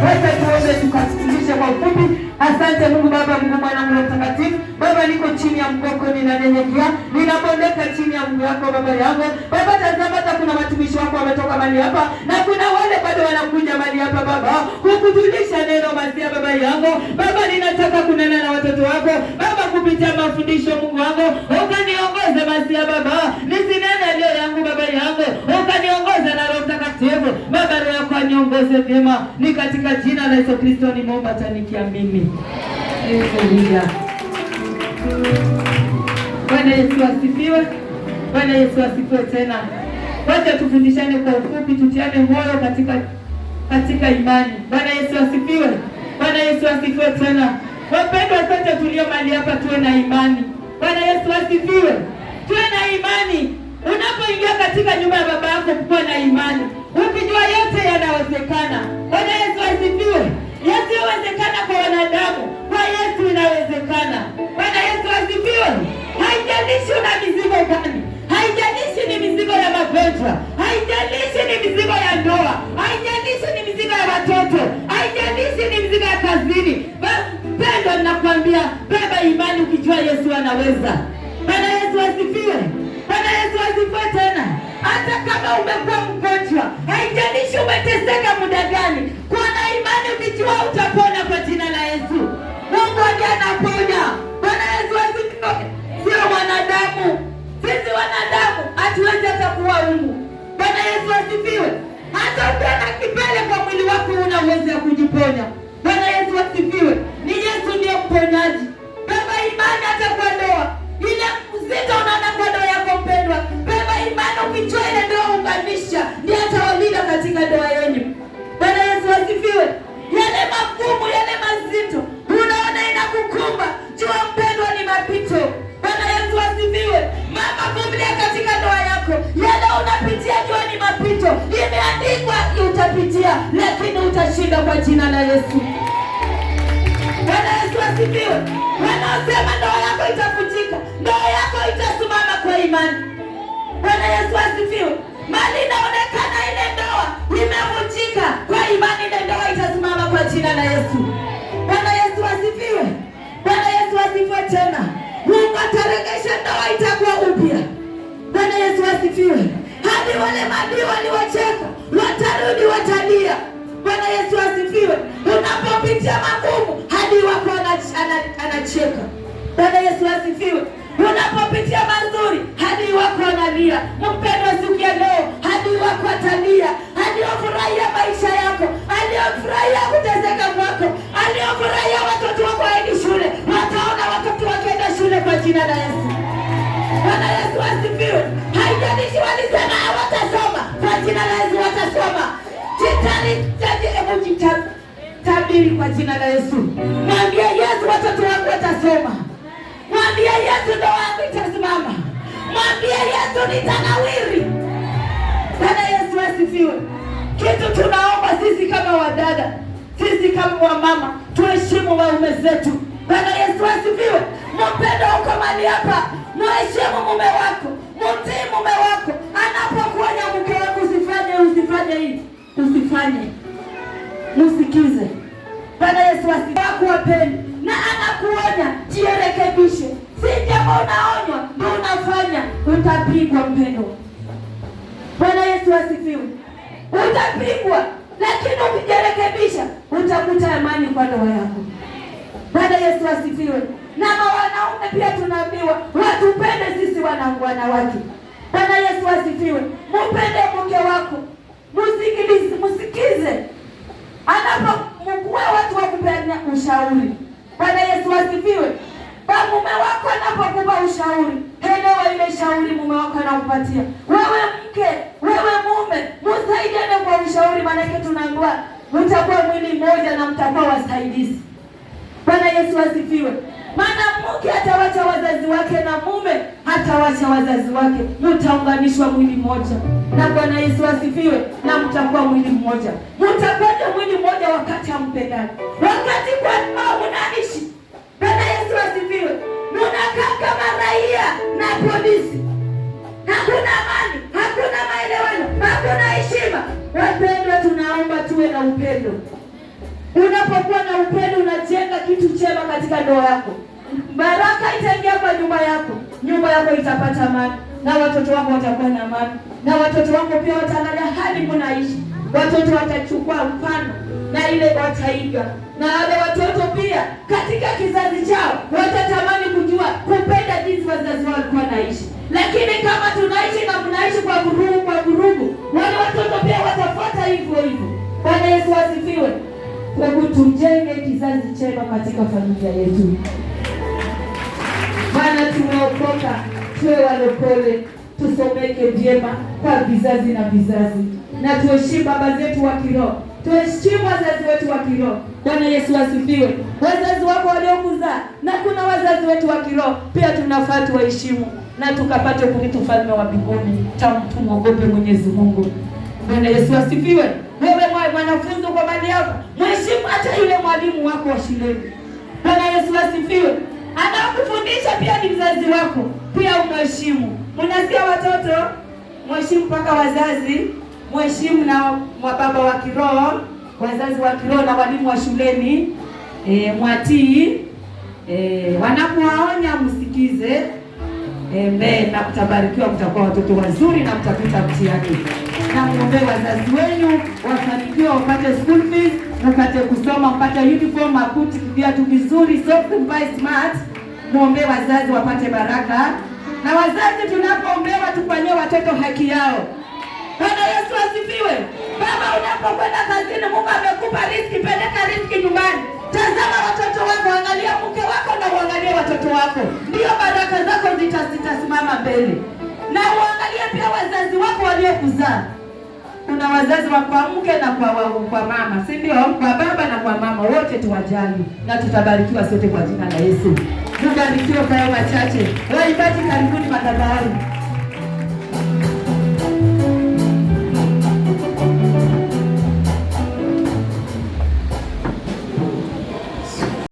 Wacha tuombe tukasikilize kwa ufupi. Asante Mungu Baba, Mungu Mwana, Mungu Mtakatifu. Baba, niko chini ya mgoko, ninanyenyekea, ninabondeka chini ya mguu wako baba yangu. Baba, tazama hata kuna watumishi wako wametoka mali hapa na kuna wale bado wanakuja mali hapa Baba kukujulisha neno mazia baba yangu. Baba, ninataka kunena na watoto wako Baba kupitia mafundisho Mungu wangu, ukaniongoze mazia Baba. niongoze vyema, ni katika jina la Yesu Kristo nimeomba tanikia mimi. Haleluya. Bwana Yesu asifiwe. Bwana Yesu asifiwe tena. Wacha tufundishane kwa ufupi, tutiane moyo katika katika imani. Bwana Yesu asifiwe. Bwana Yesu asifiwe tena. Wapendwa, sote tulio mahali hapa tuwe na imani. Bwana Yesu asifiwe. Tuwe na imani. Unapoingia katika nyumba ya baba yako, kuwa na imani. kuachwa. Haijalishi ni mizigo ya ndoa, haijalishi ni mizigo ya watoto, haijalishi ni mizigo ya kazini. Pendo, nakwambia beba imani, ukijua Yesu anaweza. Bwana Yesu asifiwe! Bwana Yesu asifiwe tena, hata kama ume asifiwe. Hata ukiwa kipele kwa mwili wako una uwezo wa kujiponya. Bwana Yesu asifiwe. Ni Yesu ndiye mponyaji. Beba imani hata kwa ndoa ile mzito unaona kwa ndoa yako mpendwa, beba imani, ukichwa ile ndoa unganisha ndiye utashinda kwa jina la Yesu. Bwana Yesu asifiwe. Wanaosema ndoa yako itavunjika, ndoa yako itasimama kwa imani. Bwana Yesu asifiwe. Mali inaonekana ile ndoa imevunjika, kwa imani ile ndoa itasimama kwa jina la Yesu. Bwana Yesu asifiwe. Bwana Yesu asifiwe tena. Mungu ataregesha ndoa itakuwa upya. Bwana Yesu asifiwe. Hadi wale maadui waliwacheka watarudi, watalia kupitia magumu hadi iwapo anacheka. Bwana Yesu asifiwe. jina la Yesu. Mwambie Yesu, watoto wangu watasoma. Mwambie Yesu, ndoa yangu itasimama. Mwambie Yesu, nitanawiri. Bwana Yesu asifiwe. Kitu tunaomba sisi kama wadada, sisi kama wamama, tuheshimu waume zetu. Bwana Yesu asifiwe. Mpendo uko mali hapa, mheshimu mume wako, mtii mume wako anapokuonya mke wako, usifanye usifanye hii, usifanye, msikize Bwana Yesu asifiwe. na anakuonya jirekebishe, si jambo unaonywa ndio unafanya, utapigwa mpendo. Bwana Yesu asifiwe. Utapigwa, lakini ukijirekebisha utakuta amani kwa ndoa yako. Bwana Yesu asifiwe. Na wanaume pia tunaambiwa watupende sisi wanawake. Bwana Yesu asifiwe. Mupende mke wako, musikize, musikize anapo mkuwe watu wa kupeana ushauri. Bwana Yesu asifiwe. Ba mume wako anapokupa ushauri, elewa ile shauri mume wako anakupatia wewe, mke wewe, mume msaidiane kwa ushauri, maanake tunaambiwa mtakuwa mwili mmoja na mtakuwa wasaidizi. Bwana Yesu asifiwe maana mke hatawacha wazazi wake na mume hatawacha wazazi wake, mtaunganishwa mwili mmoja. Na Bwana Yesu asifiwe. Na mtakuwa mwili mmoja, mtakwenda mwili mmoja wakati hampendani, wakati kwa mnaishi. Bwana Yesu asifiwe. Mnakaa kama raia na polisi, hakuna amani, hakuna maelewano, hakuna heshima. Wapendwa, tunaomba tuwe na upendo. Unapokuwa na upendo, unajenga kitu chema katika ndoa yako baraka itaingia kwa nyumba yako, nyumba yako itapata amani, na watoto wako watakuwa na amani, na watoto wako pia wataangalia hali kunaishi, watoto watachukua mfano na ile wataiga, na wale watoto pia katika kizazi chao watatamani kujua kupenda jinsi wazazi wao walikuwa naishi. Lakini kama tunaishi na tunaishi kwa vurugu, kwa vurugu, wale watoto pia watafuata hivyo hivyo. Bwana Yesu asifiwe. Hebu tujenge kizazi chema katika familia yetu tunaokoka tuwe walokole tusomeke vyema kwa vizazi na vizazi, na tuheshimu baba zetu wa kiroho, tuheshimu wazazi wetu wa kiroho. Bwana Yesu asifiwe. Wazazi wako waliokuzaa na kuna wazazi wetu wa kiroho pia tunafaa tuwaheshimu na tukapate kurithi ufalme wa mbinguni. Tumwogope Mwenyezi Mungu. Bwana Yesu asifiwe. Wewe mwanafunzi kwa mali yako, mheshimu hata yule mwalimu wako wa shuleni. Bwana Yesu asifiwe anaokufundisha pia ni mzazi wako, pia umheshimu. Mnasikia watoto, mheshimu mpaka wazazi, mheshimu na mababa wa kiroho, wazazi wa kiroho na walimu wa shuleni. E, mwatii e, wanapowaonya msikize. Amen, e, na kutabarikiwa, mtakuwa watoto wazuri na mtapita mtihani na wazazi wenyu wafanikiwa, wapate school fees, mpate kusoma, mpate uniform, makuti, viatu vizuri, smart. Muombe wazazi wapate baraka, na wazazi tunapoombewa tufanyie watoto haki yao. Bwana Yesu asifiwe. Baba, unapokwenda kazini, Mungu amekupa riziki, peleka riziki nyumbani. Tazama watoto wako, angalia mke wako na uangalie watoto wako, ndiyo baraka zako zitasimama mbele, na uangalie pia wazazi wako waliokuzaa. Tuna wazazi wa kwa mke na kwa wawu, kwa mama, si ndio? Kwa baba na kwa mama, wote tuwajali na tutabarikiwa sote kwa jina la Yesu. Tubarikiwe kwa hayo machache. Waimbaji, karibuni madhabahuni.